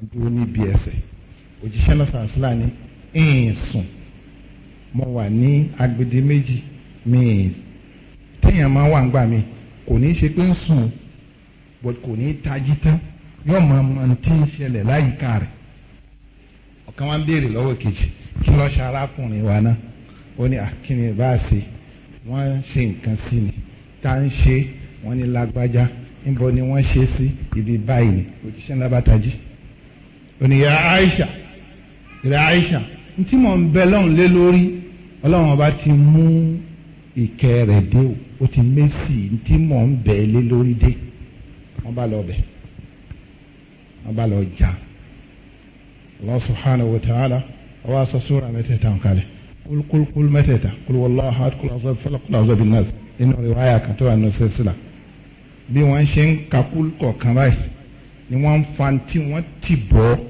kan dúró níbi ẹsẹ̀ òjíṣẹ́ náà sàásìlà ní ìyìn sùn mo wà ní agbede méjì mi téèyàn máa wà ńgbà mi kò ní í ṣe pé ń sùn but kò ní í tají tán yóò máa mọ ohun tí ń ṣẹlẹ̀ láyìíká rẹ̀ ọ̀kan wá ń béèrè lọ́wọ́ kejì kí lọ́ọ́ ṣe arákùnrin wa náà ó ní àkíní bá a ṣe wọ́n ṣe nǹkan sí ni tá ń ṣe wọ́n ní lágbájá níbo ni wọ́n ṣe sí ibi báyìí ni òjíṣẹ́ ńlá bá tají oníyà Aisha ìrẹ Aisha ntí mò ń bẹ lọ́hùn lé lórí ọlọ́run ọba ti mú ìkẹ́ rẹ̀ dé o ó ti mẹ́sì ntí mò ń bẹ lé lórí dé wọ́n bá lọ bẹ̀ wọ́n bá lọ jà Allah subhanahu wa ta'ala ọwọ́ aṣọ sóra mẹ́tẹ̀ẹ̀ta ń kalẹ̀ kulukul mẹ́tẹ̀ẹ̀ta kuluwallahu ahad kulawasabi falak kulawasabi nas inú riwaya kan tó wà nínú sẹ́sìlá bí wọ́n ṣe ń kakul kọ̀ọ̀kan báyìí ni wọ́n ń fa ti wọ́n ti bọ́ ọ́.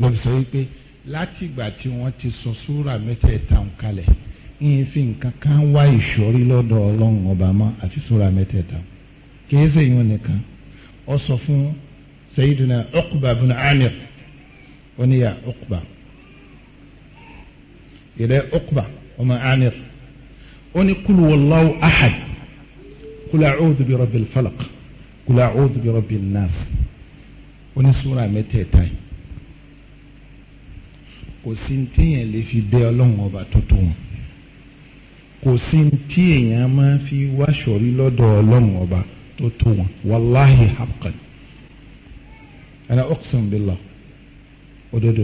ló sọ wípé látìgbà tí wọ́n ti sọ súrà mẹ́tẹ̀ẹ̀ta ń kalẹ̀ ìfi nǹkan kan wá ìṣòrí lọ́dọ̀ ọlọ́run ọba mọ́ àti súrà mẹ́tẹ̀ẹ̀ta kìí ṣe ìwọ̀n nìkan ọ sọ fún Sayyidina Uqba bin Amir oníyà Uqba ìrẹ Uqba ọmọ Amir ó ní kúlù ahad kúlù a'udhu bi rabbil falaq kúlù a'udhu bi rabbin nas ó ní mẹ́tẹ̀ẹ̀ta yìí kò sí téèyàn lè fi bẹ ọlọ́run ọba tó tó wọn kò sí tí èèyàn máa fi wáṣọrí lọ́dọ̀ ọlọ́run ọba tó tó wọn wàláhì haqqan ana uqsim billah òdodo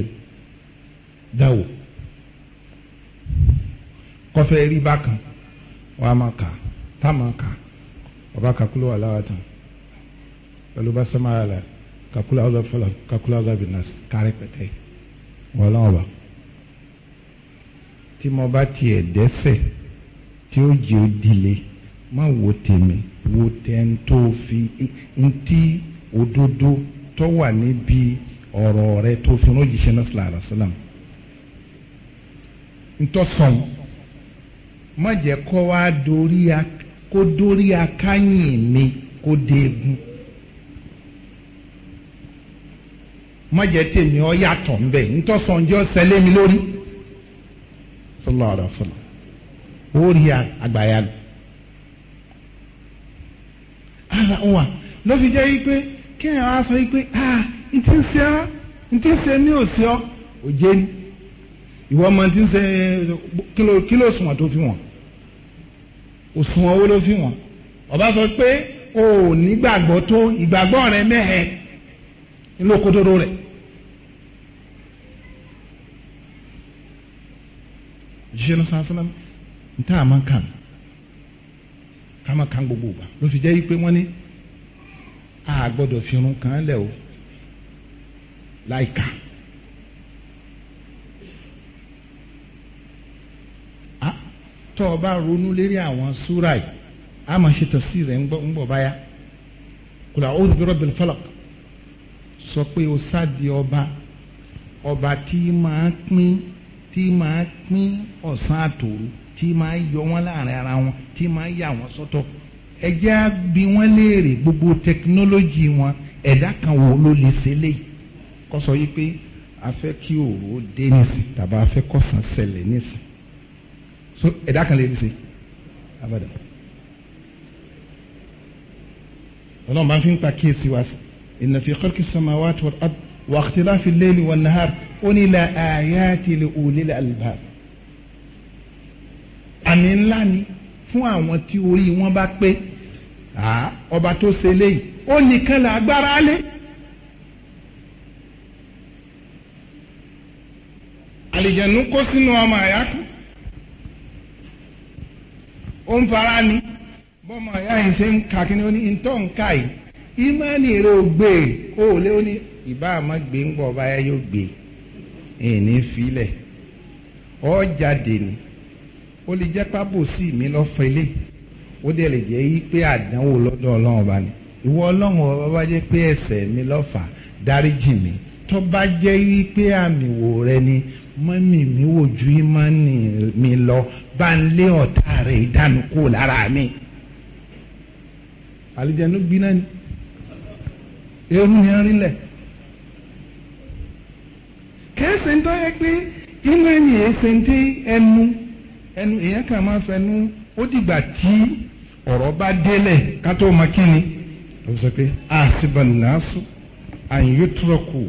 dáwò kọfẹ rí bákan wà á máa kà tá a máa kà ọba kakulu wà láwa tán pẹ̀lú bá sẹ́mara la kakulu awúdà fọlá kakulu awúdà bìnnà kárẹ́ pẹ̀tẹ́ wọ́n lọ́wọ́ bá tí mo bá tiẹ̀ dẹ́ṣẹ̀ tí ó jẹ́ ó dìle má wo tèmi wo tẹ́ni tó fi ntí òdodo tó wà níbi ọ̀rọ̀ rẹ tó fi rán jíṣẹ́ náà sílára sílám ntọ́sọ̀n má jẹ́ kó wá dorí kó dorí akáyìn mi kó déegun má jẹ́ tèmi ọ yàtọ̀ nbẹ̀ ntọ́sọ̀n jẹ́ ọ sẹ́lẹ̀ mi lórí sallallahu alaihi wa sallam wọ́n rí àgbáyà lọ. ara wà ló fi jẹ́ wípé kéèyàn á sọ wípé ah ntí ń ṣe ọ́ ntí ń ṣe ní òsì ọ́ òjé ni ìwọ ọmọ ntí ń ṣe kílò kílò òṣùwọ̀n tó fi wọ̀n òṣùwọ̀n owó ló fi wọ̀n ọba sọ pé o ò nígbàgbọ́ tó ìgbàgbọ́ rẹ mẹ́hẹ̀ẹ́ ńlọkọtọ́rọ́ rẹ̀. jíṣẹ́ náà sàásánà nta àmà kàn kàn gbogbo ìgbà ló fi jẹ́ yí pé wọ́n ní a gbọ́dọ̀ fi irun kan lẹ̀ o láìka. tọ́ ọ bá ronú lérí àwọn yìí a máa ṣe tafsir rẹ̀ ń bọ̀ báyà kula a'udhu bi rabbil sọ pé o sáà di ọba ọba tí máa pín. tí máa pín ọ̀sán àtòru tí máa yọ wọn láàrin ara wọn tí máa yà wọn sọ́tọ̀ ẹ jẹ́ á bi wọ́n léèrè gbogbo tẹkinọ́lọ́jì wọn ẹ̀dá kan wo ló lè ṣe léyìí kó sọ yìí pé a fẹ́ kí òru ó dé nísìn tàbí a fẹ́ kọ̀sán ṣẹlẹ̀ nísìn so ẹ̀dá kan lè ṣe abada ọlọ́run bá fi ń pa kíyèsí wa sí inna fi khalqis samawati wal ard wa ikhtilafil layli wan nahar. ní la ayati li ulil albab àmì ńlá ni fún àwọn tí orí wọn bá pé ọba tó ṣe léyìí ó nìkan là agbára lé. àlìjẹ̀nu kó sínú ọmọ àyà kan ó ń fara ni bọ́mọ àyà yìí ṣe ń ka kíni ó ní ntọ́ nǹka yìí ìmọ̀ ẹni rẹ̀ ò gbé e ó ìní filẹ̀ ọ jáde ni ó lè jẹ́ pábòsí mi lọ́fọ̀ ilé ó dẹ̀ lè jẹ́ yí pé àdánwò lọ́dọ̀ ọlọ́run ọba ni ìwọ ọlọ́run ọba bá jẹ́ pé ẹ̀ṣẹ̀ mi lọ́fà dáríjì mi tó bá jẹ́ yí pé àmì wò rẹ ni mọ́mì mi wò ju ìmọ̀nì mi lọ bá ń lé ọ̀tá rẹ̀ ìdánù kó lára mi. àlùjànnú gbiná ni eérú ni ń rí lẹ̀ kìí ṣe ń tọ́ yẹ pé inú ẹni yẹn ṣe ẹnu ẹnu èèyàn kàn máa fẹnu ó dìgbà tí ọ̀rọ̀ bá délẹ̀ ká tó kí ni ló sọ pé àṣìbànàṣù àyùtúrọ̀kù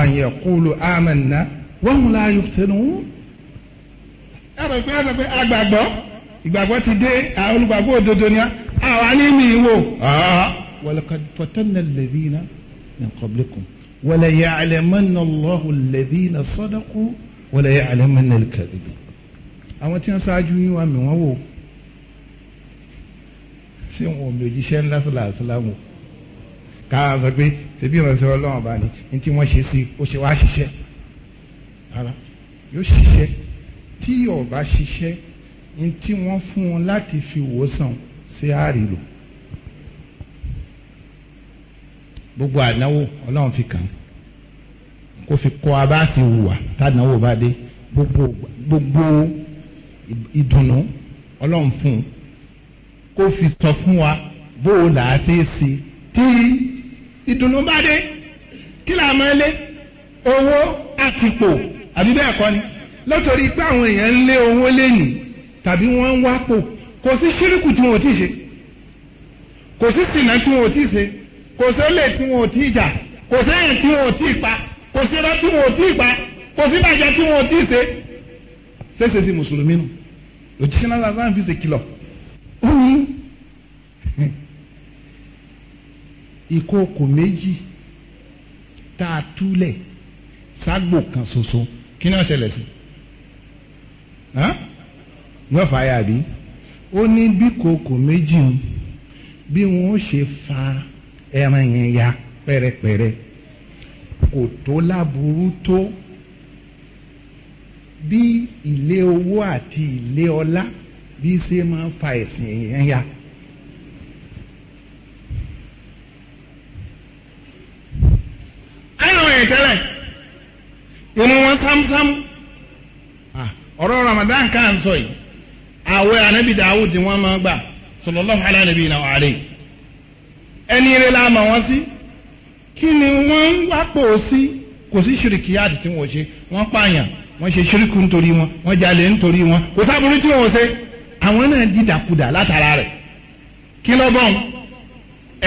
àyẹ̀kúlù àmàna wọ́n mú láàyò tẹnu. ẹ̀rọ pé àgbàgbọ́ ìgbàgbọ́ ti dé olùgbàgbọ́ òdodo ni àwa ní mi wò. wọ́n lọ́kọ̀ fọ́tẹ́nà ní kọ́blẹ́kùn wala ya'lamanna Allahu alladhina sadaqu wala ya'lamanna al-kadhibin. àwọn tí wọ́n ṣáájú yín wà mí wọ́n wò ṣé wọn ò mi òjíṣẹ́ ńlá sọ̀lá àṣìláwò káà sọ pé ṣèbí ìrànṣẹ́ ọlọ́run ọba ni ní tí wọ́n ṣe sí ó ṣe wá ṣiṣẹ́ ara yóò ṣiṣẹ́ tí ọba ṣiṣẹ́ ní tí wọ́n fún wọn láti fi wòsàn sí àrìlò. gbogbo ànáwó ọlọ́run fi kàn kó fi kọ́ abá ti hùwà tànáwó bá dé gbogbo gbogbo ìdùnnú ọlọ́run fún un kó fi sọ fún wa bó o là á ṣe é ṣe tí ìdùnnú bá dé kí là á máa lé owó àtìpó àbí bẹ́ẹ̀ kọ́ ni lọ́tọ̀rí pé àwọn èèyàn ń lé owó lẹ́yìn tàbí wọ́n ń wápò kò sí ṣírìkù tí wọn ò tí ì ṣe kò sí sìnà tí wọn ò tí ì ṣe kò sólè tí wọn ò tí ì jà kò séyìn tí wọn ò tí ì pa kò síra tí wọn ò tí ì pa kò sí bàjẹ́ tí wọn ò tí ì ṣe. ṣèṣe sí mùsùlùmí nù òjijì náà sáà fi ṣe kìlọ̀ ó ní ìkókò méjì tá a túlẹ̀ ságbò kan ṣoṣo kí ni ó ṣẹlẹ̀ sí wọ́n fà á yà bí ó ní bí kòkò méjì bí wọ́n ṣe fa ẹran yẹn ya pẹ́rẹpẹ́rẹ kò tó láburú tó bí ilé owó àti ilé ọlá bí ṣe máa fa ẹ̀sìn yẹn ya. àìrò yẹn tẹ́lẹ̀ inú wọn sámúsámú ọ̀rọ̀ Ramadan kan sọ yìí àwẹ̀ ànábì Dawud tí wọ́n máa gbà sallallahu ala nabiyina wa alayhi ẹni eré la mọ̀ wọ́n sí kí ni wọ́n ń wápò sí kò sí ṣìrìkì yáàdì tí wọ́n ṣe wọ́n pààyàn wọ́n ṣe ṣìrìkù nítorí wọn wọ́n jalè nítorí wọn kò sábúrú tí wọ́n ṣe àwọn náà dídàkudà látara rẹ̀ kí ló bọ̀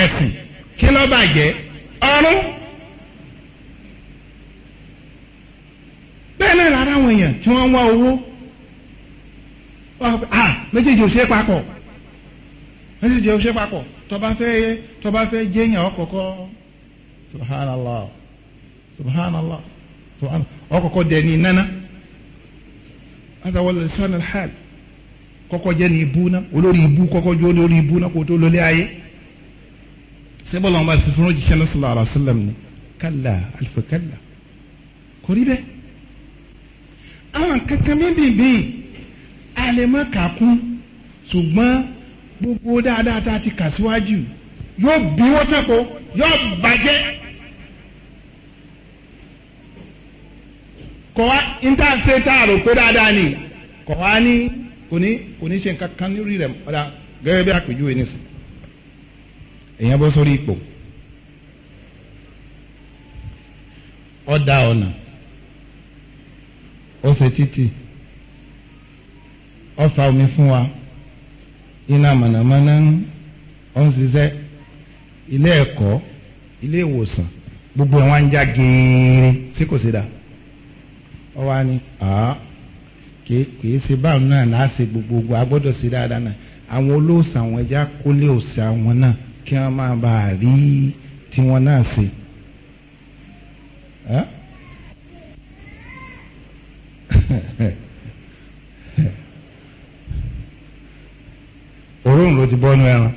ẹ̀sìn kí ló bàjẹ́ ọ̀run bẹ́ẹ̀ náà lára àwọn èèyàn tí wọ́n ń wá owó ah, méjèèjì ò ṣe papọ̀ méjèèjì ò ṣe papọ̀ tọba fẹ́ tọba fẹ́ jẹyàn ọkọkọ subhanallah subhanallah subhanallah ọkọkọ dẹni nana azawọlẹ sanu alhal kọ́kọ́ jẹ ni ibu na olórí ibu kọ́kọ́ jẹ olórí ibu na kò tó lórí ayé sẹbọlọ ọba sifun ojúṣe lọsọlọ alasalam ni kàlá alifa kàlá kò rí bẹ́ẹ̀ àwọn kankan bíbí bíi alẹ́ mọ́ kàkún ṣùgbọ́n gbogbo dáadáa tá a ti kà síwájú yóò bí wọ́n tako yóò bàjẹ́. kọ̀ wá intanṣe tá a rò pé dáadáa ni kọ̀ wá ní kò ní kò ní ṣe nǹkan kan lórí rẹ̀ ọ̀dà gẹ́gẹ́ bí àpèjúwe nísìn èèyàn bọ́ sórí ipò ó dá ọ̀nà ó ṣe títì ó fa omi fún wa. iná mànàmáná ó ń ṣiṣẹ́ ilé ẹ̀kọ́ ilé ìwòsàn gbogbo ẹ̀ wọ́n ń já geere sí kò sí da ọ wá ní kìí ṣe báwọn náà náà ṣe gbogbogbò a gbọ́dọ̀ ṣe dáadáa náà àwọn olóòsàn àwọn ẹja kólé òsè àwọn náà kí wọ́n máa bá a rí tiwọn náà ṣe. Huh? òórùn ló ti bọ́nu ẹran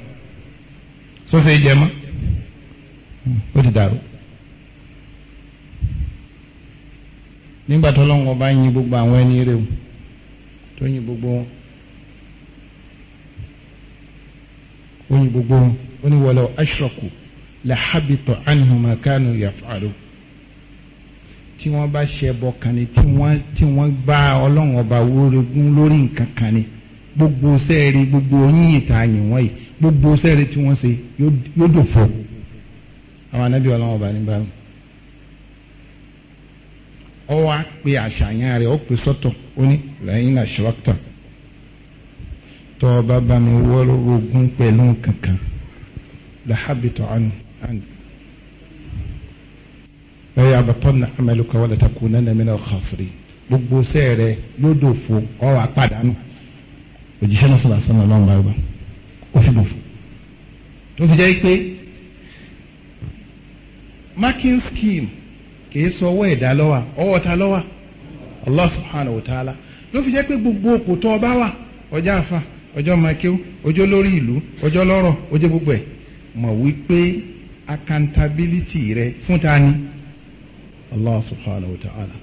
sófin jẹ mọ́ ó ti dàrú. nígbà tó lọ́wọ́ bá yin gbogbo àwọn ẹni rẹ̀ o tó yin gbogbo wọn ó yin gbogbo wọn ó ní walaw ashraku la habita anhum ma tí wọ́n bá ṣẹbọ kan ni tí wọ́n bá ọlọ́wọ́ bá wórogún lórí nǹkan kan gbogbo sẹ́ẹ̀rì gbogbo yín ìta yìn wọ́n yìí gbogbo sẹ́ẹ̀rì tí wọ́n ṣe yóò dò fò àwọn anábì ọlọ́wọ́n ọba níbà mi. ọ wá pe àṣàyàn rẹ̀ ó pe sọ́tọ̀ ó ní lẹ́yìn àṣọ́tọ̀ tọ́ ọba bá mi wọ́rọ́ ogún pẹ̀lú kankan làhábìtọ̀ ànú ànú. lẹ́yìn àbàtọ́ nà amẹ́lùkọ́ wọlé takùn nà mí náà gbogbo sẹ́ẹ̀rẹ̀ yóò dò fò ọ wá padà nù òjíṣẹ́ náà sọ̀rọ̀ àṣà náà lọ́rùn bá gbà ó fi bò fún ó fi jẹ́ pé marking scheme kìí sọ ọwọ́ ẹ̀dá lọ́wà ọwọ́ ta lọ́wà Allah subhanahu wa ta'ala ló fi jẹ́ pé gbogbo òkú tó ọba wà ọjọ́ àfa ọjọ́ makiu ọjọ́ lórí ìlú ọjọ́ lọ́rọ̀ ọjọ́ gbogbo ẹ̀ mọ̀ wípé accountability rẹ fún ta ni Allah subhanahu wa ta'ala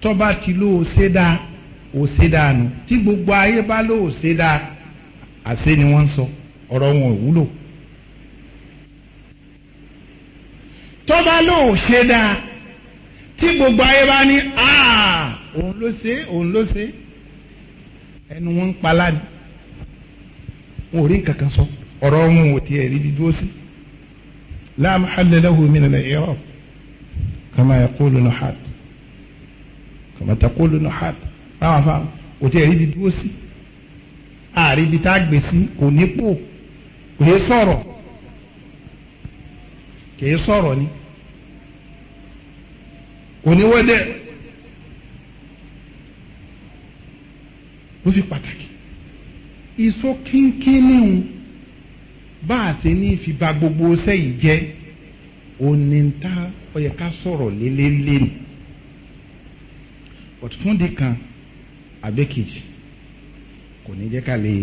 tó bá ti lóo ṣe dáa òsè dànù tí gbogbo ayé bá ló òsè dà àṣẹ ni wọ́n ń sọ ọ̀rọ̀ wọn ò wúlò. tọ́ba ló òsè dà tí gbogbo ayé bá ní òun ló ṣe òun ló ṣe ẹnu wọn ń palá ni wọn ò rí nǹkan kan sọ ọ̀rọ̀ wọn ò tiẹ̀ rí bí dúró sí. la mahalla lahu min al-i'rab kama yaqulu nuhat kama taqulu nuhat báwọn afáwọn kò tẹ̀ rí ibi dúró sí ààrí ibi tá a gbé sí kò nípò kò yé sọ̀rọ̀ kò yé sọ̀rọ̀ ni kò ní wẹ́dẹ̀ ló fi pàtàkì iṣó kínkín níhun bá a ṣe ní fi ba gbogbo sẹ́yìn jẹ́ oníta ó yẹ ká sọ̀rọ̀ lélẹ́lẹ́ni but fún de kan abẹ́kejì kò ní jẹ́ ká lè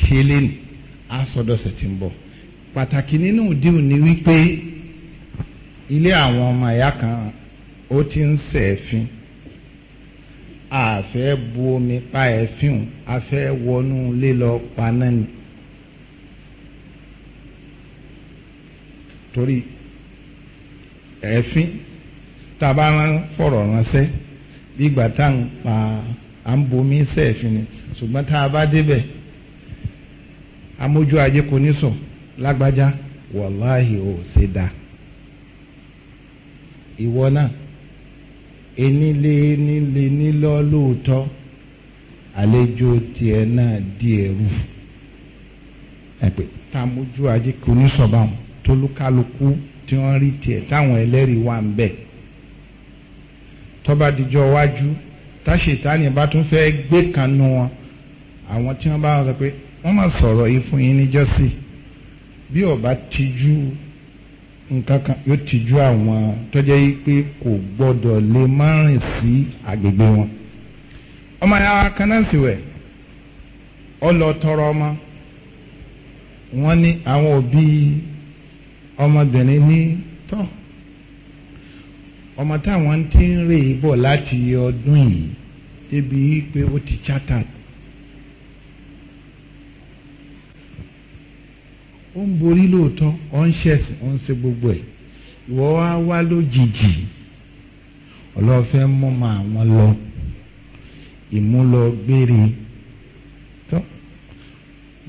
ṣe é lẹ́nu á sọdọ̀sẹ̀ tí ń bọ̀ pàtàkì nínú ìdíhùn ni wípé ilé àwọn ọmọ ẹ̀yà kan ó ti ń sẹ̀fín àfẹ́ bu omi pa ẹ̀fín àfẹ́ wọnú lílọ paná ni torí ẹ̀fín tá a bá fọ̀rọ̀ ránṣẹ́ bí gbàtà ń pa à ń bomi sẹ́ẹ̀fin ni ṣùgbọ́n tá a bá débẹ̀ amójú ajé kò ní sọ lágbájá wàláhì ò ṣe dá ìwọ náà enílé nílé nílọ lóòótọ́ àlejò tiẹ̀ náà di ẹ̀rù ẹ̀pẹ́ tá a ajé kò ní sọ báwọn tolúkálukú tí wọ́n rí tiẹ̀ táwọn ẹlẹ́rìí wà ń bẹ̀ tọ́ba dijọ́ wájú. táṣe ìtàní bá tún fẹ́ gbé kan nu wọn àwọn tí wọ́n bá sọ pé wọ́n máa sọ̀rọ̀ yìí fún yín níjọ́sí bí ọba tijú nǹkan kan yóò tijú àwọn tọ́jẹ́ yìí pé kò gbọ́dọ̀ lè máa rìn sí agbègbè wọn. ọmọ ya kanáàsì wẹ̀ ọ tọrọ ọmọ wọn ní àwọn òbí ọmọbìnrin ní tọ́. ọmọ táwọn ti ń rè é bọ̀ láti ọdún yìí débi pé ó ti chartered ó ń borí lóòótọ́ ó ń ṣẹ̀sìn ó ń ṣe gbogbo ẹ̀ ìwọ wá wá lójijì ọlọ́fẹ́ mọ́mọ́ àwọn lọ ìmúlọ gbére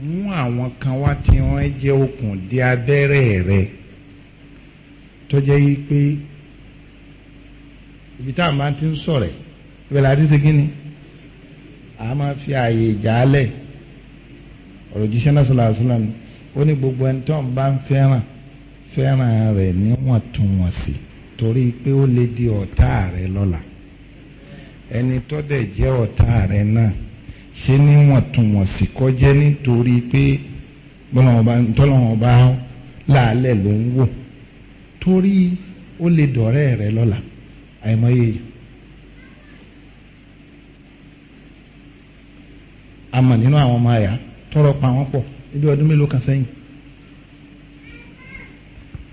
mú àwọn kan wá tí wọ́n jẹ́ okùn dé abẹ́rẹ́ rẹ̀ tó jẹ́ yí pé ibi tá à ń bá ti ń sọ̀rẹ̀ ìbẹ̀lẹ̀ àti segin a máa fi ààyè ìjàálẹ̀ ọ̀rọ̀ jíṣẹ́ náà sọ̀rọ̀ àṣùlá ni ó ní gbogbo ẹni tó ń bá ń fẹ́ràn fẹ́ràn rẹ̀ níwọ̀ntúnwọ̀nsì torí pé ó lè di ọ̀tá rẹ̀ lọ́la ẹni tó dẹ̀ jẹ́ ọ̀tá rẹ̀ náà ṣe níwọ̀ntúnwọ̀nsì kọjẹ́ nítorí pé tọ́lọ́wọ́n bá láàlẹ̀ ló ń wò torí ó lè dọ̀rẹ́ rẹ̀ lọ́la àìmọye àmọ́ nínú àwọn ọmọ àyà tọrọ pa wọn pọ̀ níbi ọdún mélòó kan sẹ́yìn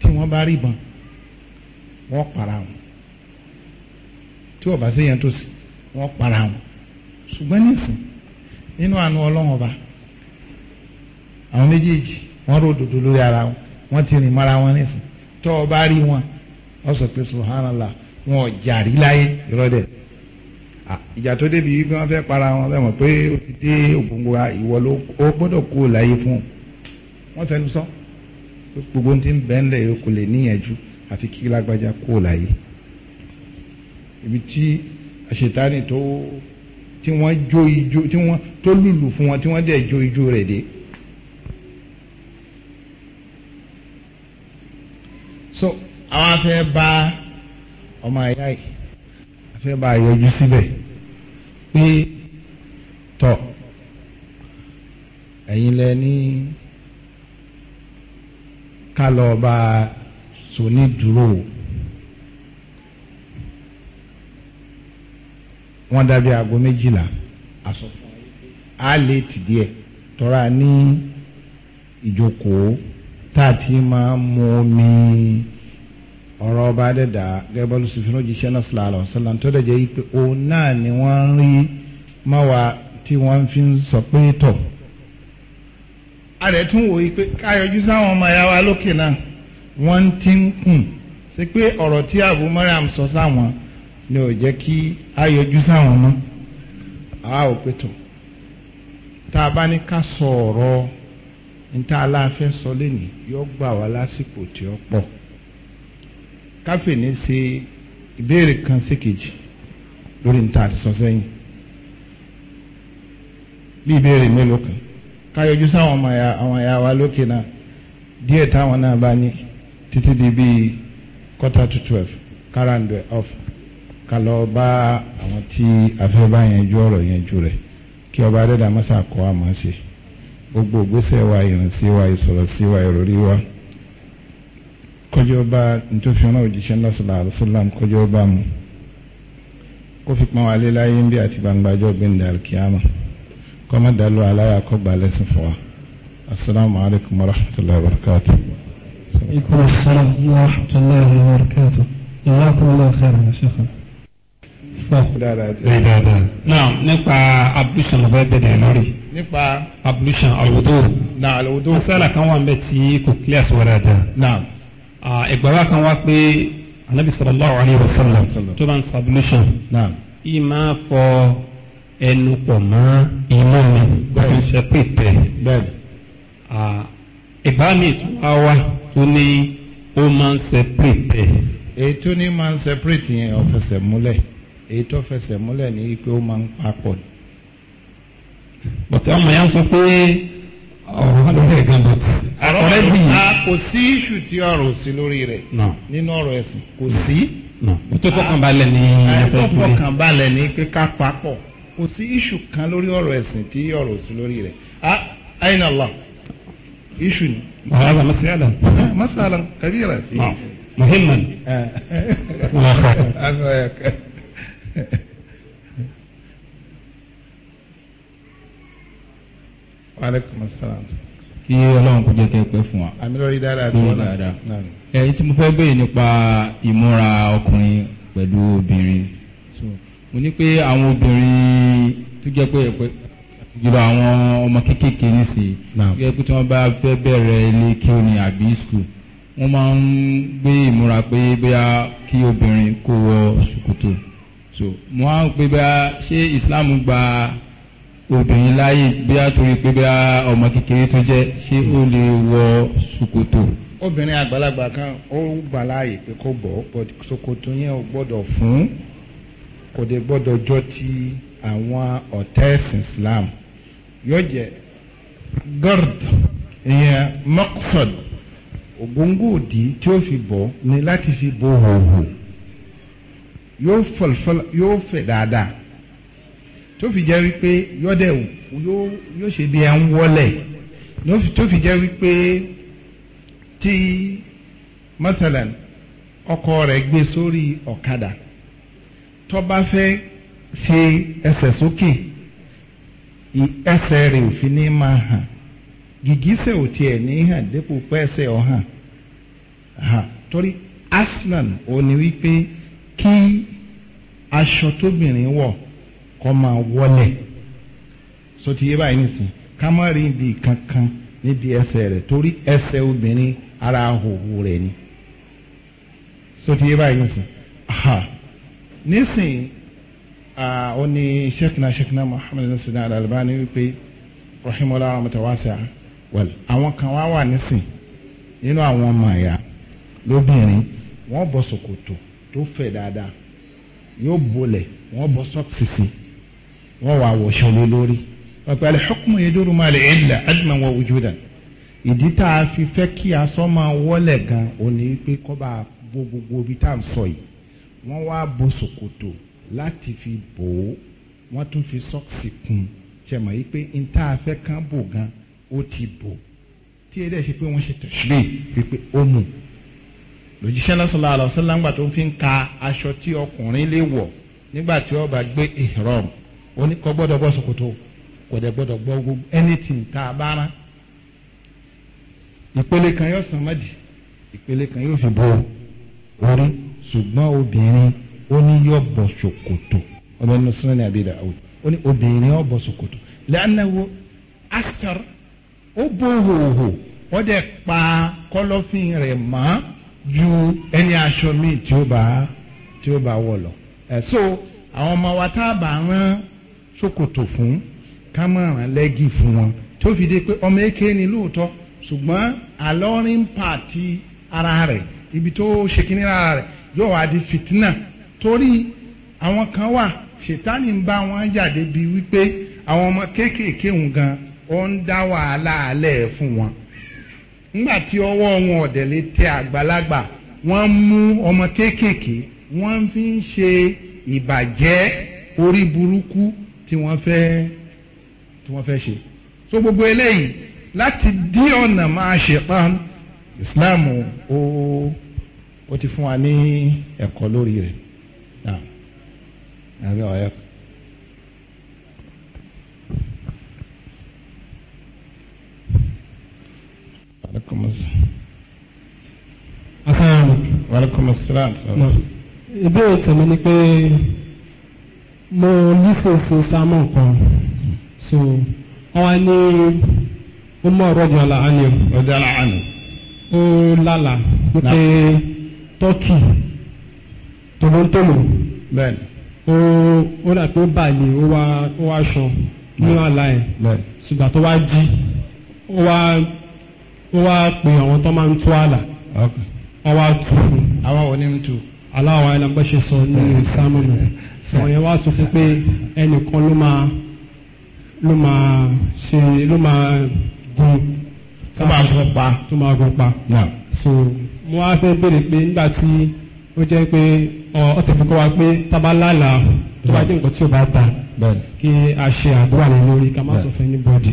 tí wọ́n bá rí ìbọn wọ́n para wọn tí wọ́n bá séyàn tó sí wọ́n para wọn ṣùgbọ́n nísìn nínú àánú ọlọ́run ọba àwọn méjèèjì wọ́n rò dòdò lórí ara wọn wọ́n ti rìn mọ́ra wọn nísìn tọ́ ọ bá rí wọn ọ sọ pé subhanallah wọn ò jàrí láyé ìrọ̀lẹ́ ìjà tó débi wípé wọ́n fẹ́ para wọn bẹ́ẹ̀ mọ̀ pé ó ti dé ògùngùn ìwọ ló ó gbọ́dọ̀ kú láyé fún un wọ́n fẹnu sọ pé gbogbo ti ń bẹ́ẹ̀ lẹ̀ kò lè níyànjú àfi kí lágbájá kú láyé ibi tí àṣetánì tó tí wọ́n jó ijó tí wọ́n tó lùlù fún wọn tí wọ́n dẹ̀ jó ijó rẹ̀ dé. so àwọn afẹ́ bá ọmọ àyà yìí afẹ́ bá yọjú síbẹ̀ pé tọ̀ ẹ̀yin lẹ ní ká lọ bá sọ ní dúró wọ́n dàbí aago méjìlá a lè tì díẹ̀ tọ́ra ní ìjókòó tá a ti máa mú omi ọba adẹ́dà gẹ́gẹ́ lùsùfínú jíṣẹ́ náà sallallahu alaihi wasallam tó dẹ̀ jẹ́ pé òun náà ni wọ́n ń rí mọ́wàá tí wọ́n fi ń sọ pé tọ̀. a rẹ̀ tún wò yí pé káyọjú sáwọn ọmọ ẹ̀yà lókè náà wọ́n ti ń kùn sí pé ọ̀rọ̀ tí Abu Mariam sọ sáwọn ni ò jẹ́ kí ayọjú sáwọn mọ́ àwa ò pé tọ̀ tá a bá ní ká sọ ọ̀rọ̀ níta aláàfẹ́ sọ lẹ́nìí yóò gbà wá lásìkò tí ó pọ̀. káfíń ní ṣe ìbéèrè kan sékejì lórí níta àtisọ sẹ́yìn bí ìbéèrè mélòó kan káyọjú sáwọn ọmọ ya àwọn ẹ̀yà wa lókè náà díẹ̀ táwọn náà bá ní títí di bíi quarter to twelve káràndù off ká lọ bá àwọn tí afẹ́ bá yanjú ọ̀rọ̀ yanjú rẹ̀ kí ọba adẹ́dàmọ́sà kọ́ àmọ́ ṣe gbogbo ògbésẹ̀ wa ìrìnsí wa ìsọ̀rọ̀ sí wa ìròrí wa. kọjọ́ bá ntòfinà òjíṣẹ́ ńlá sallallahu alaihi wasallam kọjọ́ bá mu kó fi pọ́n wálé láyé ń bí àti gbangbàjọ́ gbẹ̀ndẹ̀ alkiyama kọ́ má dàlú aláya kọ́ gbà lẹ́sìn fún wa asalaamu alaykum wa rahmatulahi wa barakatu. ikun asalaamu alaykum wa rahmatulahi wa barakatu. jazakumullahu khairan ya sheikh. dáadáa. náà nípa ablution ló fẹ́ bẹ̀rẹ̀ lórí. nípa. ablution alwudu. na alwudu. asala kan wà ń bẹ tí kò clear sí wa ẹgbàá kan wá pé anabi sallallahu alayhi wa sallam tó bá ń sublution yìí máa fọ ẹnu pọ̀ mọ́ imú mi gbọ́dọ̀ ń ṣe pé tẹ̀ ẹgbàá mi tó wá wá tó ní ó máa ń ṣe pé tẹ̀. èyí tó ní máa ń separate yẹn ó múlẹ̀ èyí tó fẹsẹ̀ múlẹ̀ ní pé ó máa ń papọ̀. bọ̀tẹ́ ọmọ yẹn sọ pé ọ̀rọ̀ wà lórí ẹ̀gán bọ̀ tì. ọ̀rọ̀ mi a kò sí iṣu tí ọ̀rọ̀ sí lórí rẹ̀ nínú ọ̀rọ̀ ẹ̀sìn kò sí. o tó fọkànbalẹ̀ ní ẹ̀fẹ́ fún mi. o tó fọkànbalẹ̀ ní pé ká papọ̀ kò sí iṣu kan lórí ọ̀rọ̀ ẹ̀sìn tí ọ̀rọ̀ sí lórí rẹ̀ a ayin Allah iṣu ni. wàhálà masala. masala kabira. muhimman. Eh. aleykum salaam. kí ọlọ́run kò jẹ́ kẹ́ pẹ́ fún wa. àmì lórí dáadáa tí wọ́n náà. ẹ̀yin tí mo fẹ́ béèrè nípa ìmúra ọkùnrin pẹ̀lú obìnrin. mo ní pé àwọn obìnrin tó jẹ́ pé jùlọ àwọn ọmọ kéékèèké nísìnyí. tó jẹ́ pé tí wọ́n bá fẹ́ bẹ̀rẹ̀ ilé kí o ní àbí skul wọ́n máa ń gbé ìmúra pé bóyá kí obìnrin kó wọ ṣòkòtò. so mo á pé bóyá ṣé ìsìláàmù gba obìnrin láàyè bí a torí pé bí a ọmọ kékeré tó jẹ́ ṣé ó lè wọ ṣòkòtò. obìnrin àgbàlagbà kan ó gbà láàyè pé kó bọ̀ but ṣòkòtò yẹn ò gbọ́dọ̀ fún kò dé gbọ́dọ̀ jọ ti àwọn ọ̀tá Islam yóò jẹ gord ìyẹn maqsad ògóńgó òdì tí ó fi bọ̀ ni láti fi bo hòhò yóò fẹ̀ dáadáa tó fi jẹ́ wípé yọ́dẹ̀ yóò ṣe bí ẹ ń wọlẹ̀ tó fi jẹ́ wípé tí masalan ọkọ rẹ̀ gbé sórí ọ̀kadà tó bá fẹ́ ṣe ẹsẹ̀ sókè ẹsẹ̀ rẹ̀ ò fi ní máa hàn gìgísẹ̀ ò tiẹ̀ ní hàn dépò pẹ́ẹ́sẹ̀ ọ̀hàn hàn torí aslan ò ní wípé kí aṣọ tóbìnrin wọ̀ kọ́ máa wọlẹ̀ so ti yé báyìí nìsín ká má kankan níbi ẹsẹ̀ rẹ̀ torí ẹsẹ̀ obìnrin ara hòhò rẹ̀ ni so ti yé báyìí nìsín nísìn ó ní sheikna sheikna Muhammad nasir al-Albani wípé rahimola ramatawasa wẹl àwọn kan wá wà nísìn nínú àwọn ọmọ ẹ̀yà lóbìnrin wọ́n bọ́ ṣòkòtò tó fẹ̀ dáadáa yóò bolẹ̀ wọ́n bọ́ sọ́ọ̀sì sí wọ́n wà wọ̀ṣọ́ lé lórí ọ̀pẹ́ al-hukmu yaduru ma'al illa adman wa wujudan ìdí tá a fi fẹ́ kí aṣọ máa wọ́lẹ̀ gan òní pé kọ́ bá bo gbogbo ibi tá à ń sọ yìí wọ́n wá bo ṣòkòtò láti fi bò ó wọ́n tún fi sọ́ọ̀sì kún ṣe yìí pé n a fẹ́ kán bò gan ó ti bò tí eléyìí ṣe pé wọ́n ṣe tẹ̀sílẹ̀ pípé ó mú lòjíṣẹ́ lọ́sọ̀lá àlọ́sọ́lá ńgbà tó fi ń ka aṣọ tí ọkùnrin lè wọ̀ nígbà tí ó gbé ihram oni kò gbọ́dọ̀ bọ́ ṣòkòtò kò dẹ̀ gbọ́dọ̀ gbọ́ gbogbo anything tá a bá rán ìpele kan yóò sàn mọ́dì ìpele kan yóò fi bo orí ṣùgbọ́n obìnrin ó ní yóò bọ́ ṣòkòtò ọmọ ẹni sọ́nà ní abidà àwùjọ ó ní obìnrin yóò bọ́ ṣòkòtò lẹ́nu asar ó bó hòhò wọ́n dẹ̀ pa kọ́lọ́fín rẹ̀ mọ́ ju ẹni aṣọ míì tí ó bá tí ó bá wọ̀ lọ. ẹ̀ so àwọn ọmọ wa tá a bá rán ṣòkòtò fún ká máa rán lẹ́gì fún wọn tó fi dé pé ọmọ èké ni lóòótọ́ ṣùgbọ́n alọ́rin pàtì ara rẹ̀ ibi tó ṣe kíní ara rẹ̀ yóò wá di fìtínà torí àwọn kan wà ṣètánì ń bá wọn jáde bí wípé àwọn ọmọ kéékèèké ń gan ó ń dá wàhálà alẹ́ fún wọn nígbà tí ọwọ́ wọn ọ̀dẹ̀lẹ̀ tẹ àgbàlagbà wọ́n mú ọmọ kéékèèké wọ́n fi ń ṣe ìbàjẹ́ orí burúkú tí wọ́n fẹ́ tí wọ́n fẹ́ ṣe so gbogbo eléyìí láti dí ọ̀nà máa ṣe pan Islam ó ó ti fún wa ní ẹ̀kọ́ lórí rẹ̀ àbí ọ̀yọ́. Aleykum assalam. Aleykum Ìbéèrè tèmi ni pé mo lífòfò sámọ̀ kan so ọwọ́ ní Umar rọ́jọ́lá àní rọ́jọ́lá àní ó lálà pé tọ́kì tòlóńtòló bẹ́ẹ̀ni ó ó O pé ó bà ní ó wá ó wá aṣọ ní àlá ẹ̀ ṣùgbọ́n tó wá jí ó wá ó wá pè àwọn tó máa ń tú àlà ó wá tú. àwọn ò ní ń tú aláwa ẹ̀ lọ́gbọ́n ṣe sọ ní ìsámọ́nù sọ̀rọ̀ yẹn wá tún fún pé ẹnìkan ló máa ló máa ṣe ló máa gun tó máa gun pa tó máa gun pa so mo wá fẹ́ béèrè pé nígbà tí ó jẹ́ pé ọ tẹ̀fẹ́ kọ́ wa pé tabalala tó bá jẹ́ nǹkan tí ò bá ta kí a ṣe àdúrà lórí ká má sọ fẹ́ ní bọ́ọ̀dì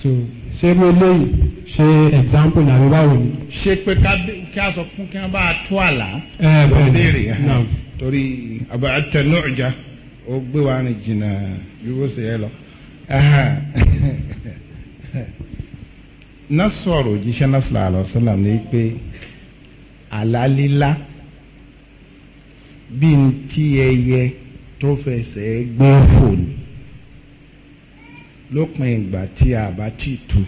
so ṣé mo léyìí ṣe example àbí báwo ni. ṣe pé kí a sọ fún kí wọ́n bá a tú àlá. ẹ bẹ́ẹ̀ ni béèrè torí àbá tẹnu ọjà ó gbé wa ní jìnnà bí wọ́n ṣe yẹ lọ. násọ̀rọ̀ òjíṣẹ́ náà sọ̀rọ̀ àlọ́ sọ́là ní pé àlá lílá bí ẹyẹ tó fẹsẹ̀ gbé fò lópin ìgbà tí a bá ti tu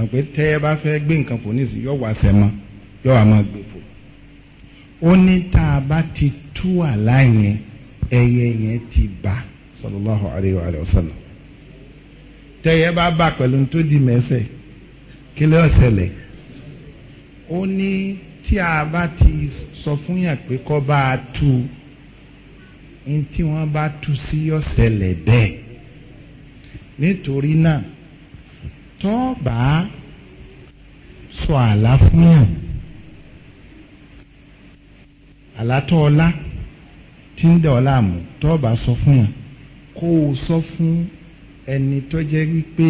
ẹ̀ pé tẹ́ ẹ bá fẹ́ gbé nǹkan fò ní ìsìn yọ wá sẹ́mọ́ yọ wá máa gbé fò ó ní tá a bá ti tú àlá yẹn ẹyẹ yẹn ti bà sallallahu alayhi wa sallam tẹ́yẹ bá bà pẹ̀lú tó di mẹ́sẹ̀ kí ló ṣẹlẹ̀ ó ní tí a bá ti sọ fún yàn pé kọ́ bá a tú ní tí wọ́n bá tú sí yó ṣẹlẹ̀ bẹ́ẹ̀ nítorí náà tó bá sọ àlá fún yàn àlá tó ọlá tí ń dẹ ọlá mú tó bá sọ fún yàn kó o sọ fún ẹni tó jẹ́ wípé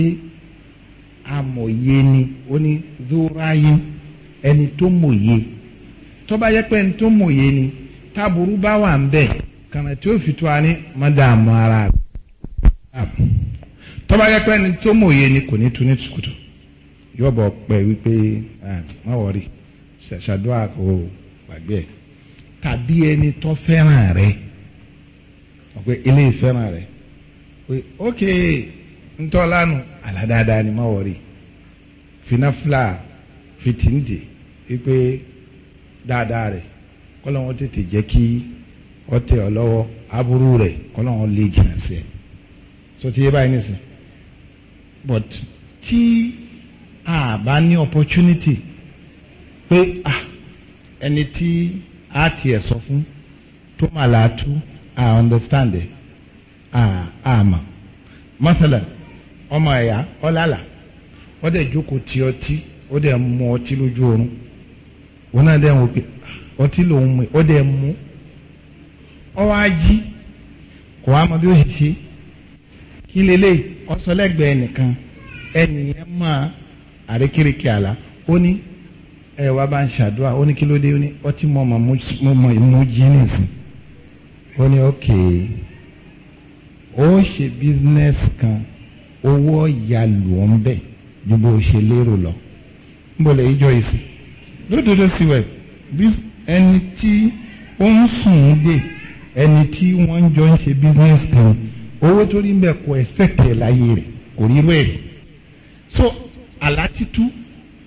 amòye ni ó ní zúráyé ẹni tó mòye tó bá yẹ pé ẹni tó mòye ni táburú bá wà ń bẹ̀ kànáà tí ó fi tó a ní mọ́dàmú ara rẹ̀. tó bá yẹ pé ẹni tó mòye ni kò ní tu ní tukutu yóò wípé má wọrí ṣàdúrà kò gbàgbé ẹ tàbí ẹni tó fẹ́ràn rẹ̀ pé ilé ìfẹ́ràn rẹ̀ pé ókè ntọ́lánu àládáadáa ni má wọrí wípé dáadáa kọ́lọ́wọ́n tètè jẹ́ kí aburú rẹ kọ́lọ́wọ́n lè jìnnà sí sọ ti yé báyìí nísìnyí. but tí a bá ní opportunity pé ah ẹni tí a tiẹ̀ sọ fún tó mà láàtú a understand ẹ̀ a a mọ̀ mọ́sálà ọmọ ẹ̀yà ọ̀làlà ó dẹ̀ jókòó ti ọtí ó dẹ̀ mu ọtí lójú oorun wọn náà dẹ̀ wọ́n pé ah, ọtí lòún mu ó dẹ̀ mu ọ wá jí kò wá mọ bí ó ṣe ṣe kí lélẹ́yìí ọsọlẹ́gbẹ̀ẹ́ nìkan ẹnìyẹn máa àrékèrèké àlá ó ní ẹ wá bá ń ṣàdúrà ó ní kí ló dé ó ní ọtí mọ mọ mọ mú jí nìsín ó ní ókè ó ṣe bísínẹ́sì kan owó ọ̀yà lù ọ́ ń bẹ̀ ju bó ṣe lérò lọ níbo lè jọ ìsìn lódodo sí wẹ̀ ẹni tí ó ń sùn dé ẹni tí wọ́n jọ ń ṣe bísínẹ́sì kan owó tó rí ń bẹ kò ẹsẹ̀tẹ̀ láyé rẹ̀ kò rí rẹ̀ rẹ̀ so àlátítú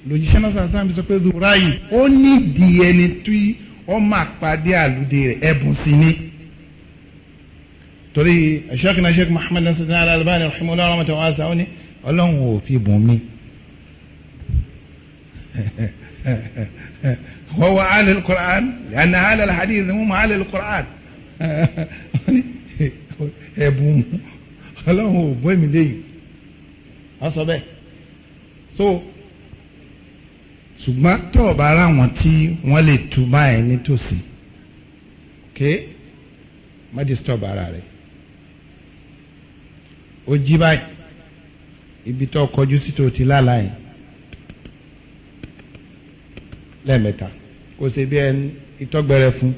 lòjíṣẹ́ náà sàn sàn fi sọ pé zora yìí ó ní di ẹni tí ó máa pàdé àlùdé rẹ̀ ẹ̀bùn sí ni torí ṣẹ́kìnà ṣẹ́kì Muhammad nasir náà alábàáni rahimu ọlọ́run ọmọ tẹ̀wọ́n àṣà ó ní ọlọ́run ò fi bùn mí wọ́n wà á lè Qur'an àná àlè hadith mọ́ àlè Qur'an. ẹ̀bùn mu ọlọ́run ò bọ́ èmi léyìí wọ́n sọ bẹ́ẹ̀ so ṣùgbọ́n tó o bá ra wọn tí wọ́n lè tu báyìí nítòsí ok má disturb ara rẹ̀ ó jí báyìí ibi tó kọjú sí tó ti lẹ́ẹ̀mẹ́ta kò ṣe bí ẹni ìtọ́gbẹ̀rẹ̀ fún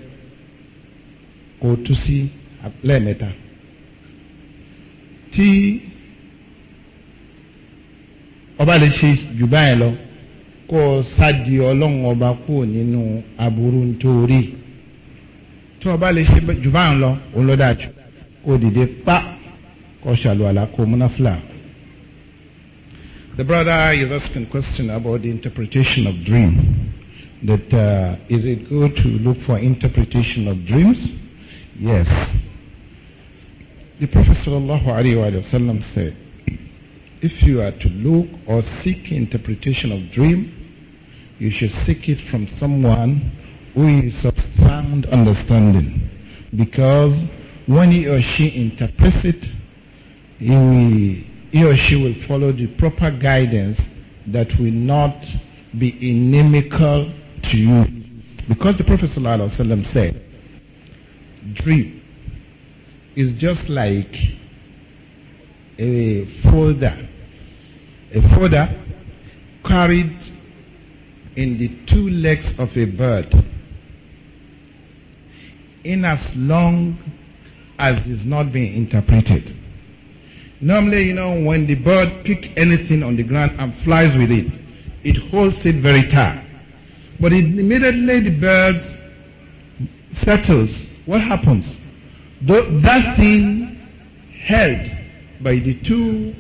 kò tú sí lẹ́ẹ̀mẹ́ta tí ọba lè ṣe jù báyìí lọ kó o sádi ọlọ́run ọba kúrò nínú aburú nítorí tí ọba lè ṣe jù báyìí lọ òun ló dáa jù kó o dìde pa kó o ṣàlùwàlà kó o The brother is asking question about the interpretation of dream. That uh, is it good to look for interpretation of dreams? Yes. The Prophet ﷺ said, if you are to look or seek interpretation of dream, you should seek it from someone who is of sound understanding. Because when he or she interprets it, he, will, he or she will follow the proper guidance that will not be inimical to you. Because the Prophet ﷺ said, dream is just like a folder, a folder carried in the two legs of a bird, in as long as it's not being interpreted. Normally, you know, when the bird picks anything on the ground and flies with it, it holds it very tight. But immediately the bird settles, what happens? that thing held by the two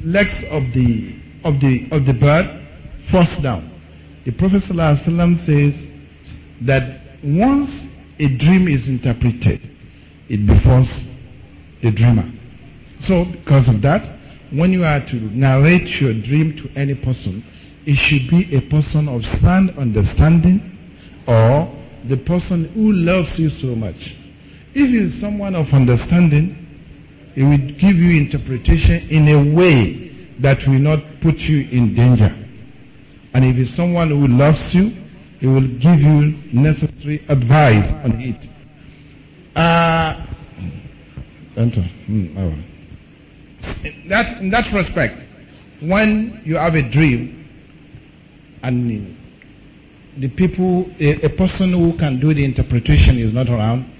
legs of the of the of the bird falls down. The Prophet ﷺ says that once a dream is interpreted, it befalls the dreamer. So because of that, when you are to narrate your dream to any person, it should be a person of sound understanding or the person who loves you so much. If he's someone of understanding, he will give you interpretation in a way that will not put you in danger. And if it's someone who loves you, he will give you necessary advice on it. Uh, hmm, in that, in that respect, when you have a dream and the people, a, a person who can do the interpretation is not around,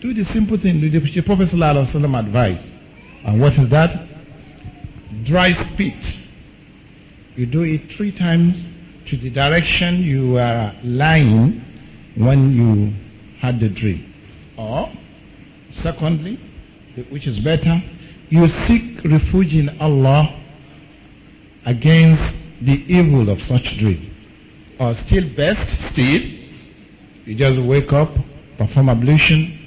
Do the simple thing that the Prophet ﷺ advised. And what is that? Dry spit. You do it three times to the direction you are lying when you had the dream. Or, secondly, which is better, you seek refuge in Allah against the evil of such dream. Or still best, still, you just wake up, perform ablution,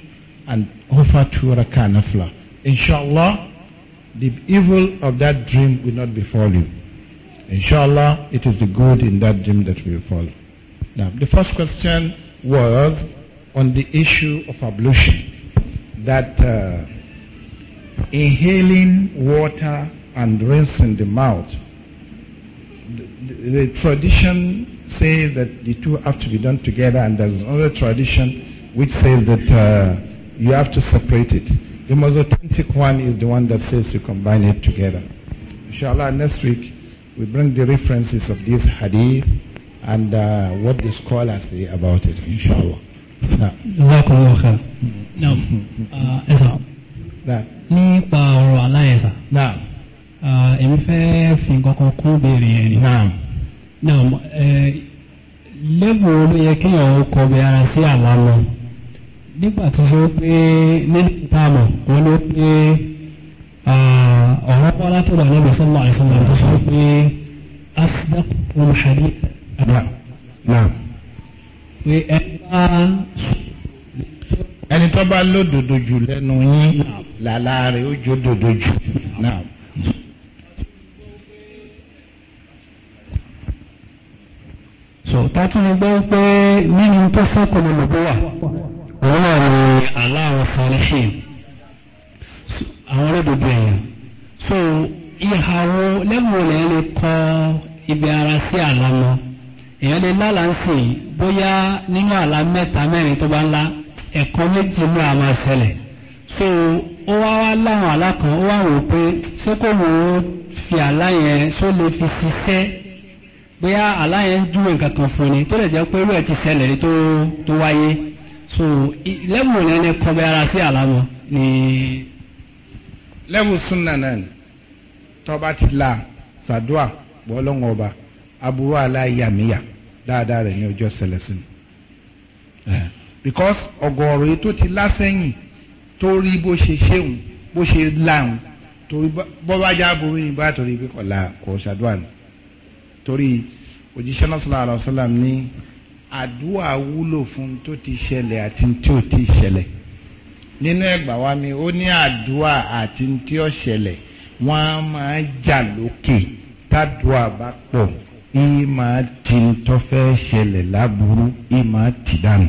and offer two rakah nafla. Inshallah, the evil of that dream will not befall you. Inshallah, it is the good in that dream that will befall Now, the first question was on the issue of ablution. That uh, inhaling water and rinsing the mouth, the, the, the tradition says that the two have to be done together, and there's another tradition which says that uh, you have to separate it. The most authentic one is the one that says to combine it together. Inshallah, next week we bring the references of this hadith and uh, what the scholars say about it, inshallah. Jazakallah khair. Now, Ẹ̀sà. Uh, Nípa ọ̀rọ̀ aláìsà. Uh, èmi fẹ́ fi kankan kún béèrè yẹn ni. Now, uh, level ló yẹ kéèyàn kọ bí ara sí àlá lọ nígbà tó fi pé nínú ìtaàmù wọn ló pé ọ̀rọ̀ kọ́lá tó wà níbi sọ́lá àìsàn àti fi pé asdaqul hadith pé ẹ bá ẹni tó bá lódodo jù lẹ́nu yín làlá rẹ̀ ó jó dodo jù náà. so tá a tún lè gbọ́ pé nínú tó fọ́kànlélógún wà òun náà ni aláwọ̀ sọ̀rọ̀ṣìn àwọn olódodo ẹ̀yàn so ìhàwó lẹ́wọ̀n olè lè kọ ibi ara sí àlá lọ èèyàn lè lálàá ń sè bóyá nínú àlá mẹ́ta mẹ́rin tó bá ń lá ẹ̀kọ́ méjì mú àmà ṣẹlẹ̀ so ó wá wá láwọn àlá kan ó wá wò pé ṣé kò wò ó fi àlá yẹn só lè fi ṣiṣẹ́ bóyá àlá yẹn ń júwe nǹkan kan fún ni tó lè jẹ́ pé irú ẹ̀ ti ṣẹlẹ̀ tó wáyé so lẹ́mù rẹ ni kọ́bẹ ara sí àlámọ ni. lẹ́mù súnà náà ni tọ́ba ti la sàdúà bọ́lọ́ngọ̀ ọba aburú aláyàmíyà dáadáa rẹ̀ ní ọjọ́ ṣẹlẹ̀ because ọ̀gọ̀ọ̀rọ̀ yìí tó ti lásẹ̀yìn tó rí bó ṣe ṣéun bó ṣe láhùn torí bọ́bájá aburú yìí bá torí bí kò la kò sàdúà ni torí òjíṣẹ́ náà sallallahu alaihi wasallam ní àdúà wúlò fún tó ti ṣẹlẹ̀ àti tí ò ti ṣẹlẹ̀ nínú ẹgbà wa mi ó ní àdúà àti tí ó ṣẹlẹ̀ wọ́n á máa jà lókè tádùá bá pọ̀ ìyí máa ti ń tọ́fẹ́ ṣẹlẹ̀ láburú ìyí máa ti dànù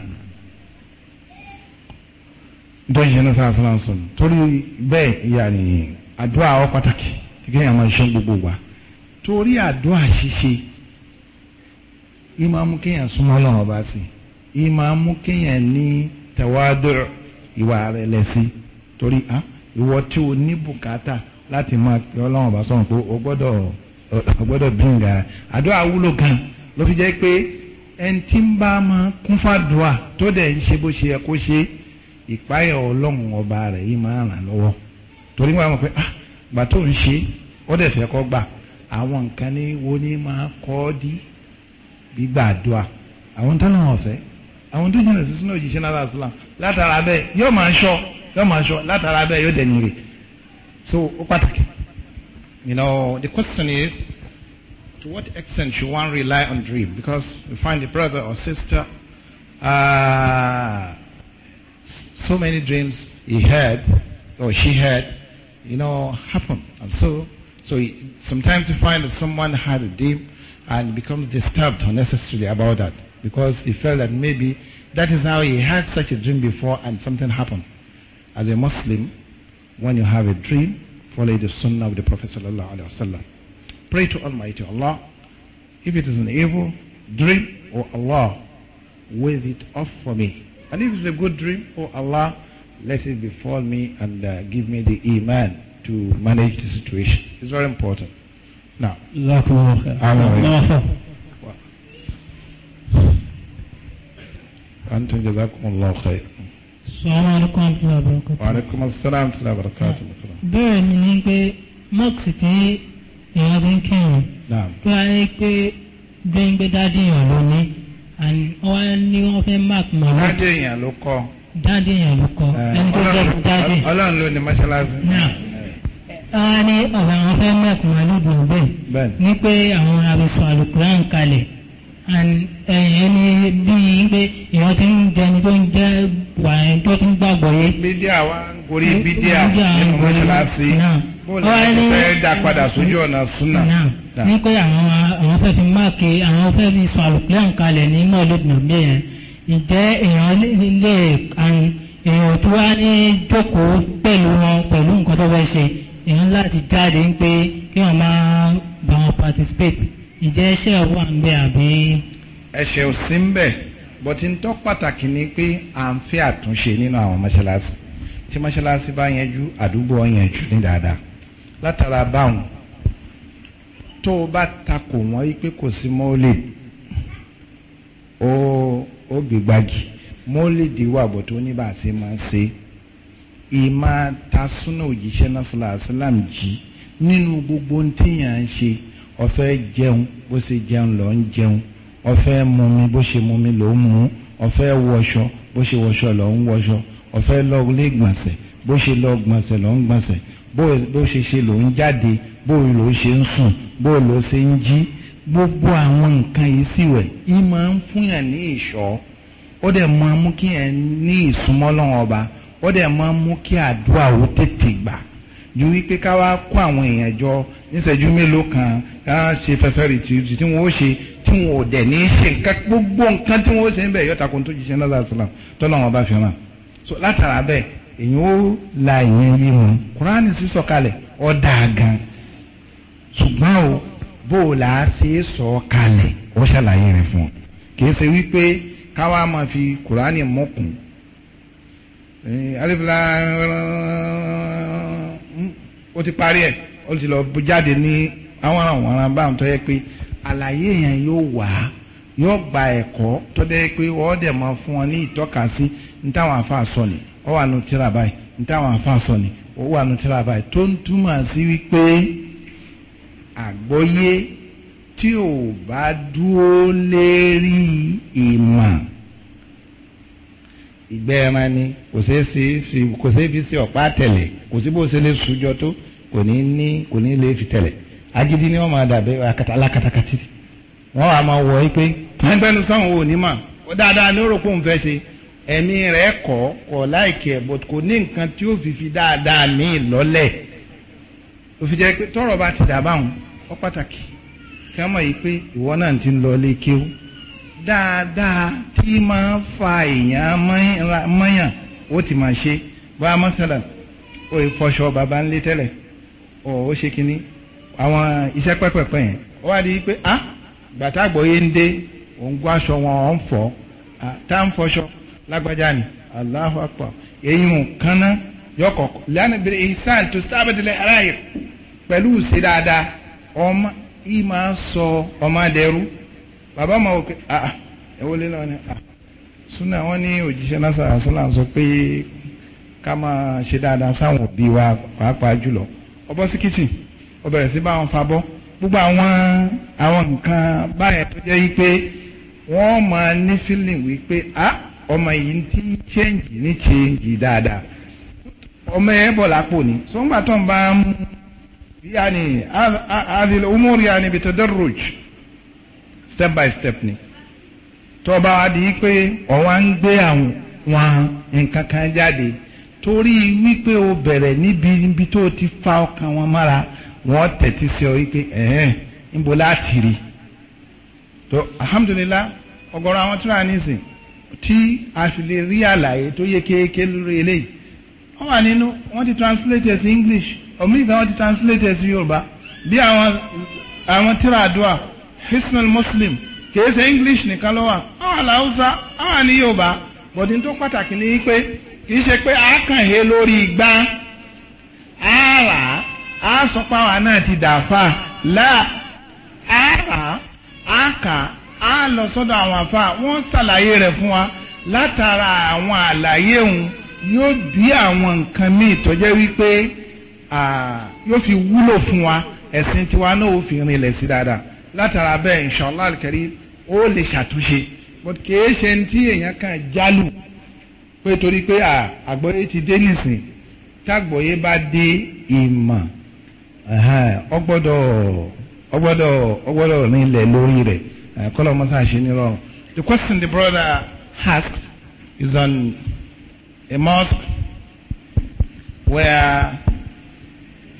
dɔn yɛn nasa asalan sɔn torí bɛɛ yanni àdúà awɔ pàtàkì kí ɛyàn máa ṣe gbogbo wa torí àdúà ṣíṣe ìmọ̀ mú kéèyàn súnmọ́ Ọlọ́run ọba sí ìmọ̀ mú kéèyàn ní tẹ̀wádùrù ìwà rẹ̀ lẹ́sí torí à ìwọ tí o ní bùkátà láti máa kí Ọlọ́run ọba sọ̀rọ̀ pé o gbọ́dọ̀ o gbọ́dọ̀ bíǹgà àdúrà wúlò gan ló fi jẹ́ pé ẹni tí ń bá máa kún fàdùà tó dẹ̀ ń ṣe bó ṣe yẹ kó ṣe ìpáyà Ọlọ́run ọba rẹ̀ yìí máa ràn lọ́wọ́ torí wọn àwọn pé ah gbà tó ń ṣe ó dẹ̀ fẹ́ kọ́ gbà àwọn nǹkan ní wo ni máa kọ́ ọ́ gbígbà àdúrà àwọn tó náà ọ̀fẹ́ àwọn tó jìnnà sí súnà òjìṣẹ́ náà sàlám látara bẹ́ẹ̀ yóò máa ṣọ́ yóò máa ṣọ́ látara bẹ́ẹ̀ yóò dẹ̀ni rè so ó pàtàkì. You know, the question is, to what extent should one rely on dream? Because we find a brother or sister, uh, so many dreams he had or she had, you know, happen. And so, so he, sometimes you find that someone had a dream and becomes disturbed unnecessarily about that because he felt that maybe that is how he had such a dream before and something happened. As a Muslim, when you have a dream, follow the sunnah of the Prophet Pray to Almighty Allah. If it is an evil dream, O Allah, wave it off for me. And if it's a good dream, O Allah, let it befall me and uh, give me the iman to manage the situation. It's very important. نعم جزاكم الله خير نافع أنتم جزاكم الله خير السلام عليكم ورحمة الله وبركاته وعليكم السلام ورحمة الله وبركاته bẹ́ẹ̀ ni ní pé mọ́ọ̀kì tí èèyàn ti ń kírun tó wá ní pé gbẹ́ngbẹ́ dáadé èèyàn ló ní wá ní wọ́n fẹ́ mark màlúù. dáadé èèyàn ló kọ́. dáadé èèyàn ló kọ́ eh, ẹni tó jẹ́ dáadé. ọlọ́run ló ní mọ́ṣáláṣí wọ́n ní ọ̀gá àwọn fẹ́ mẹ́kùn màlúù bẹ́ẹ̀ ní pé àwọn àbẹ̀fọ́ àlùkùrán kalẹ̀ eh, ẹ̀yìn ní bíi pé èèyàn ti ń jẹni tó ń jẹ́ wà tó ti ń gbàgbọ́ yé. bídíà wa ń gorí bídíà nínú mọ́ṣáláṣí bóòlù àti fẹ́ dá padà sójú ọ̀nà súnà. ní pé àwọn àwọn fẹ́ fi máàkì àwọn fẹ́ fi sọ àlùkùrán kalẹ̀ ní mọ́ọ̀lẹ́dì nàbí ǹjẹ́ èèyàn lè èèyàn tó wá ní jókòó pẹ̀lú wọn pẹ̀lú nǹkan tó fẹ́ ṣe èèyàn láti jáde ń pé kí wọ́n máa bá wọn participate ìjẹ́ ẹ̀ṣẹ̀ wà ń bẹ̀ àbí. ẹ̀ṣẹ̀ ò sí ń bẹ̀ bọ́tí ń tọ́ pàtàkì ni pé à ń fẹ́ àtúnṣe nínú àwọn mọ́ṣáláṣí tí mọ́ṣáláṣí bá yanjú àdúgbò yanjú ní dáadáa látara báwọn tó o bá takò wọ́n yí pé kò sí mọ́ọ́lẹ̀ ó ó gbégbági mọ́ọ́lẹ̀ dìwà bọ̀ tó ní bá a ṣe máa ń ṣe é ìmọ̀ tasúnà òjíṣẹ́ náà sọlá àṣìlám jí nínú gbogbo tíyàn ń ṣe ọ̀fẹ́ jẹun bó ṣe jẹun lọ ń jẹun ọ̀fẹ́ mumi bó ṣe mumi ló ń mu ọ̀fẹ́ wọṣọ bó ṣe wọṣọ lọ ń wọṣọ ọ̀fẹ́ lọ lé gbọ̀nsẹ̀ bó ṣe lọ gbọ̀nsẹ̀ lọ ń gbọ̀nsẹ̀ bó ṣe ṣe ló ń jáde bó ló ṣe ń sùn bó ló ṣe ń jí gbogbo àwọn nǹkan yìí sì wẹ̀ ìmọ̀ ń fún yàn ní ìṣọ́ ó dẹ̀ mọ mú kí yàn ní ìsúnmọ́ lọ́wọ́ ọba ó dẹ̀ máa ń mú kí àdúrà ó tètè gbà ju wípé ká wá kó àwọn èèyàn jọ níṣẹ́jú mélòó kan ká ṣe fẹ́fẹ́ rì tí tí wọ́n ó ṣe tí wọ́n ò dẹ̀ ní í ṣe nǹkan gbogbo nǹkan tí wọ́n ó ṣe ń bẹ̀ yóò takò tó jíṣẹ́ náà lásìlám tọ́lá wọn bá fi hàn so látara bẹ́ẹ̀ èyí ó la ìyẹn yé wọn kúránì sísọ kalẹ̀ ó dáa gan ṣùgbọ́n o bó o là á ṣe é sọ kalẹ̀ ó ṣàlàyé rẹ̀ fún ọ kì í ṣe wípé káwa máa fi kúránì mọ́kùn alif lam o mm, ti parí ẹ̀ ó ti lọ jáde ní àwọn àwọn ará báwọn tó yẹ pé àlàyé yóò wà yóò gba ẹkọ tó pé wọ́n dẹ̀ máa fún ọ ní ìtọ́kasí ní táwọn sọ ni ó wà nù tíra báyìí ní táwọn ni tí ò bá dúró lérí ìmọ̀. ìgbẹ́ ẹran ni kò ṣeé sí kò ṣeé fi sí ọ̀pá tẹ̀lẹ̀ kò sí bó ṣe lè sùjọ tó kò ní ní kò ní lè fi tẹ̀lẹ̀ agídí ni wọ́n máa dàbẹ́ alákatakati wọ́n wà máa wọ̀ ẹ́ pé ẹgbẹ́nu sáwọn ò ní mà ó dáadáa ní òrò kó ń fẹ́ ṣe ẹ̀mí rẹ̀ kọ́ kọ́ láìkí ẹ̀ kò ní nǹkan tí ó fi fi dáadáa míì lọ́lẹ̀ ó jẹ́ pé tọ́rọ̀ bá ti dà báwọn ó pàtàkì kí wọ́n mọ̀ yìí pé ìwọ náà ti ń lọ ilé kéwú dáadáa tí máa fa èèyàn mọ́yàn ó ti máa ṣe bá a mọ́sálà ó fọṣọ bàbá ńlé tẹ́lẹ̀ ọ̀ ó ṣe kínní àwọn iṣẹ́ pẹ́pẹ́pẹ́ yẹn ó wá di pé ah gbàtàgbọ́ yé ń dé òun gbọ́ aṣọ wọn ọ̀ ń fọ́ tá à ń fọṣọ lágbájá ni Allahu akbar eyín kanna yọkọ̀ lẹ́nu bèrè ihsan tó sábẹ́dẹ́lẹ́ aráyè pẹ̀lú ṣe dáadáa ọmọ ìmọ̀ sọ ọmọ dẹrú bàbá máa wò pé ah ẹ̀wọ́ lé náà ni ah súnà wọn ní òjíṣẹ́ lásán àṣàlà sọ pé ká máa ṣe dáadáa sáwọn òbí wa pàápàá jùlọ ọbọ̀ sí kìtì ó bẹ̀rẹ̀ sí bá wọn fabọ́ gbogbo àwọn àwọn nǹkan báyẹn tó jẹ́ wípé wọ́n máa ní feeling wípé ah ọmọ yìí ti change ní change dáadáa ọmọ yẹn bọ̀ lápò ni sọ́ngbà tó ń bá ń bí yani adìlẹ̀ umar yani bitadarruj step by step ni tó bá wá di pé ọ̀wá ń gbé àwọn nǹkan kan jáde torí wípé o bẹ̀rẹ̀ níbi ibi tó ti fa ọkàn wọn mára wọ́n tẹ̀tí sí ọ wípé ẹ̀ẹ́n níbo láti rí tó alhamdulilah ọ̀gọ̀rọ̀ àwọn tí wọ́n ní sìn tí a fi lè rí àlàyé tó yé kéèké lórí eléyìí wọ́n wà nínú wọ́n ti translate sí English òmìnira wọ́n ti translate ẹ̀ sí Yorùbá bí àwọn àwọn tíra hisnal muslim kìí eze english nìkan ló wà àwọn làwùsá àwọn ní yorùbá bọ̀dín tó pàtàkì ni pé kìí ṣe pé a kàn he lórí igbá a rà á náà ti dàáfà la á rà a kà lọ sọdọ àwọn afa wọn ṣàlàyé rẹ fún wa látara àwọn àlàyé òun yóò bí àwọn nǹkan míì tó jẹ́ wípé yóò fi wúlò fún wa esin tiwa náà ó fi rinlẹ̀ sí dáadáa. látara bẹ́ẹ̀ inshallah al ó lè ṣàtúnṣe but kìí ṣe ní tí èèyàn kan jálù pé torí pé àgbọ̀yé ti dé nìsín tágbọ̀yé bá dé ìmọ̀ ọgbọ́dọ̀ ọgbọ́dọ̀ ọgbọ́dọ̀ nílẹ̀ lórí rẹ̀ kọ́lọ́ mọ́sá ṣe ní rọrùn. The question the brother asked is on a mosque where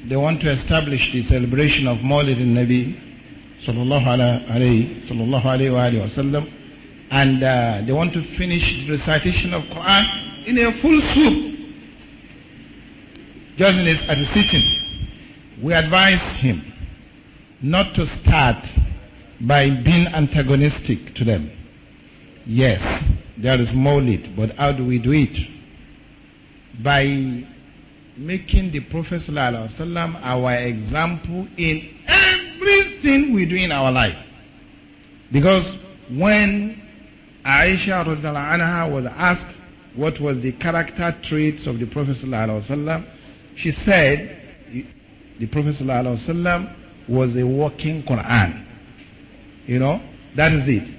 they want to establish the celebration of Maulid in Nabi sallallahu alayhi, sallallahu alayhi wa, alayhi wa sallam, and uh, they want to finish the recitation of Quran in a full swoop, just in his, at his sitting. We advise him not to start by being antagonistic to them. Yes, there is Mawlid, but how do we do it? By making the Prophet Sallallahu alaihi wasallam our example in every everything we do in our life. Because when Aisha anha was asked what was the character traits of the Prophet ﷺ, she said the Prophet ﷺ was a walking Quran. You know, that is it.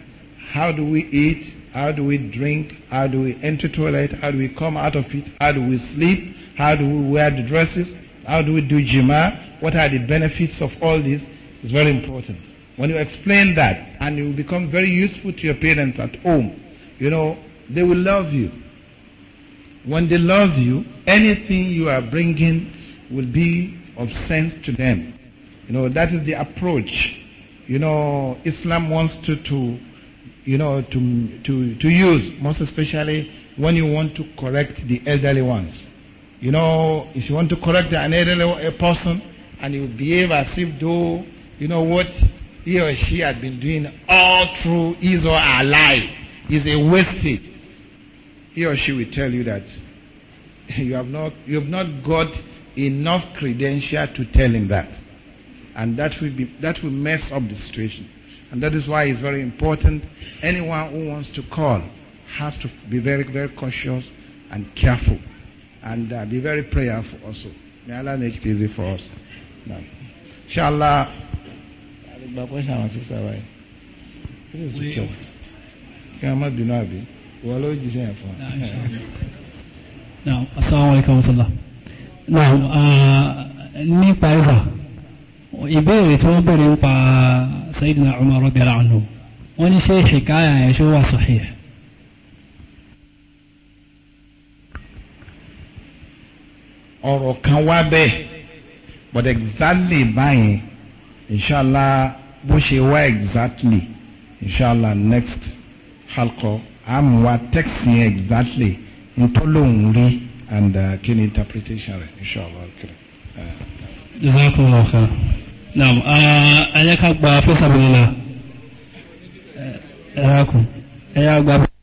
How do we eat? How do we drink? How do we enter toilet? How do we come out of it? How do we sleep? How do we wear the dresses? How do we do jima? What are the benefits of all this? It's very important. When you explain that and you become very useful to your parents at home, you know, they will love you. When they love you, anything you are bringing will be of sense to them. You know, that is the approach, you know, Islam wants to, to you know, to, to, to use, most especially when you want to correct the elderly ones. You know, if you want to correct an elderly person and you behave as if though you know what he or she had been doing all through his or her life is a wastage. He or she will tell you that you have not you have not got enough credential to tell him that. And that will be that will mess up the situation. And that is why it's very important anyone who wants to call has to be very, very cautious and careful and uh, be very prayerful also. May Allah make it easy for us. Now, inshallah. gba question àwọn sísá wa yìí this is the church kí wọn má bínú àbí wọn ló jíṣẹ́ yẹn fún wa. now asalaamualeykum sọlá now ní paisa ìbéèrè tí wọ́n bẹ̀rẹ̀ ń pa sayidina umar radiyallahu anhu wọ́n ní ṣe hikaya yẹn ṣe wà sahih. ọ̀rọ̀ kan wá bẹ́ẹ̀ but exactly báyìí inshallah bó ṣe wá exactly inshallah next halkọ àmú wa text yẹn exactly ntọ́lóhùn rí and uh, kí ni interpretation rẹ̀ inshallah. jazakumullahu khairan. naam ẹ yẹ ká gba fẹsàbìlì la ẹ yà kú ẹ yà gba.